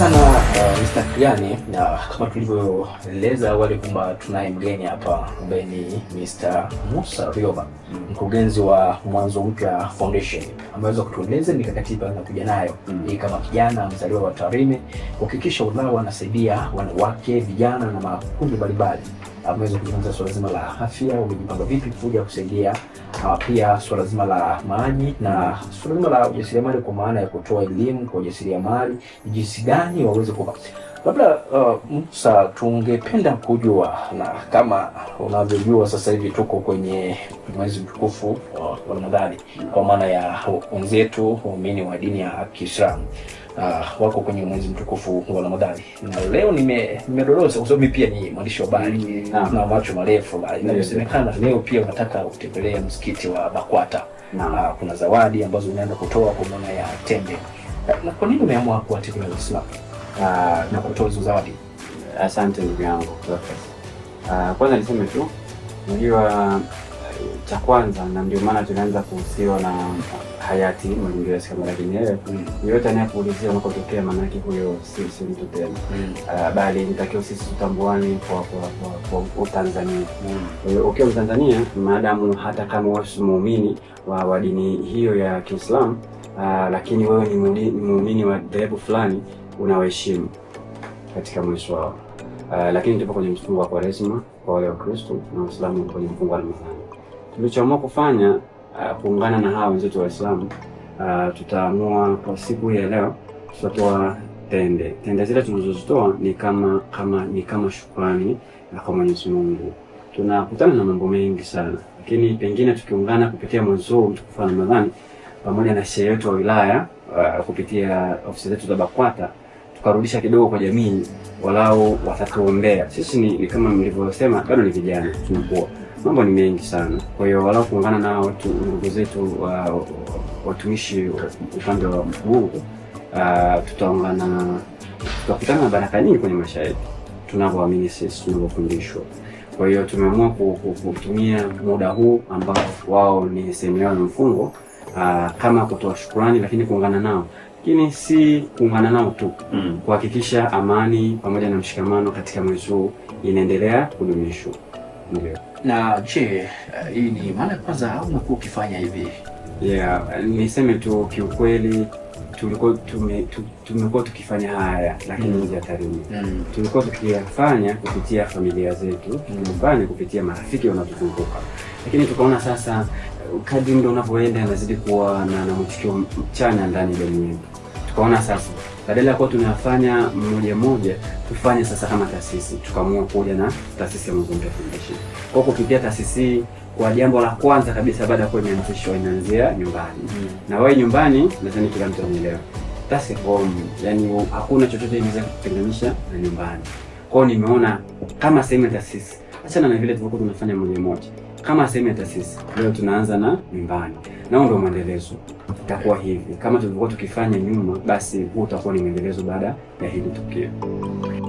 sana uh, eh, Mr. Kriani na kama tulivyoeleza awali kwamba tunaye mgeni hapa ambaye ni Mr. Musa Rioba, mkurugenzi wa Mwanzo Mpya Foundation, ameweza kutueleza mikakati ambayo anakuja nayo mm. kama kijana mzaliwa wa Tarime kuhakikisha ulao wanasaidia wanawake, vijana na makundi mbalimbali ameweza kujifunza swala zima la afya, umejipanga vipi kuja kusaidia ah, pia swala zima la maji na swala zima la ujasiriamali, kwa maana ya kutoa elimu kwa ujasiriamali jinsi gani waweze kupa Labda uh, Musa, tungependa kujua na kama unavyojua sasa hivi tuko kwenye mwezi mtukufu uh, wa uh, Ramadhani kwa maana ya wenzetu waumini wa dini ya Kiislamu uh, wako kwenye mwezi mtukufu wa Ramadhani, na leo nimedorosa kwa sababu pia ni mwandishi wa habari mm, na macho marefu, mm. inasemekana leo pia unataka utembelee msikiti wa Bakwata na uh, kuna zawadi ambazo unaenda kutoa kwa maana ya tembe. Na kwa nini umeamua kuwatembelee Waislamu? uh, na kutozo zawadi. Asante ndugu yangu. Uh, kwanza niseme tu, unajua uh, cha kwanza, na ndio maana tunaanza kuhusiwa na hayati Mwalimu Julius Kambarage Nyerere. Mm. Yeyote anayekuulizia unakotokea, yake huyo si mtu tena, mm. uh, bali nitakiwa sisi tutambuane kwa Utanzania. Mm. Uh, ukiwa Mtanzania, maadamu hata kama wewe si muumini wa dini hiyo ya Kiislamu, lakini wewe ni muumini wa dhehebu fulani unawaheshimu katika mwisho wao. Uh, lakini tupo kwenye mfungo wa Kwaresma kwa wale Wakristo na Waislamu kwenye mfungo wa Ramadhani. Tulichoamua kufanya uh, kuungana na hawa wenzetu Waislamu uh, tutaamua kwa siku hii ya leo tutatoa tende. Tende zile tunazozitoa ni kama kama ni kama shukrani kwa Mwenyezi Mungu. Tunakutana na mambo mengi sana, lakini pengine tukiungana kupitia mwezi huu mtukufu wa Ramadhani pamoja na shehe yetu wa wilaya uh, kupitia ofisi zetu za BAKWATA tukarudisha kidogo kwa jamii, walau watatuombea sisi. Ni, ni kama mlivyosema, bado ni vijana, tunakuwa mambo ni mengi sana. Kwa hiyo walau kuungana na watu ndugu zetu wa watumishi upande wa Mungu, ah, tutaungana tutakutana na baraka nyingi kwenye yetu, tunavyoamini sisi tunavyofundishwa. Kwa hiyo tumeamua kutumia muda huu ambao wao ni sehemu yao ya mfungo, ah, kama kutoa shukurani, lakini kuungana nao lakini si kuungana nao tu mm. kuhakikisha amani pamoja na mshikamano katika mwezi huu inaendelea kudumishwa. Ndio. Na je, uh, hii ni mara ya kwanza au umekuwa ukifanya hivi? Yeah, niseme tu kiukweli tulikuwa tume, tumekuwa tukifanya haya lakini mm. hatarini mm. tulikuwa tukiyafanya kupitia familia zetu tukifanya mm. kupitia marafiki wanatuzunguka lakini tukaona sasa kadri ndo unavyoenda inazidi kuwa na, na mwitikio ndani ya jamii yetu tukaona sasa badala ya kuwa tunafanya mmoja mmoja, tufanye sasa kama taasisi. Tukaamua kuja na taasisi ya Mwanzo Mpya Foundation. Kwa kupitia taasisi kwa jambo la kwanza kabisa, baada ya kuwa imeanzishwa, inaanzia nyumbani mm. na wewe nyumbani, nadhani kila mtu anaelewa that's home, yani hakuna chochote inaweza kutenganisha na nyumbani kwao. Nimeona kama sehemu ya taasisi, achana na vile tulivyokuwa tunafanya mmoja mmoja, kama sehemu ya taasisi, leo tunaanza na nyumbani nao ndio mwendelezo. Itakuwa hivi kama tulivyokuwa tukifanya nyuma, basi huu utakuwa ni mwendelezo baada ya hili tukio.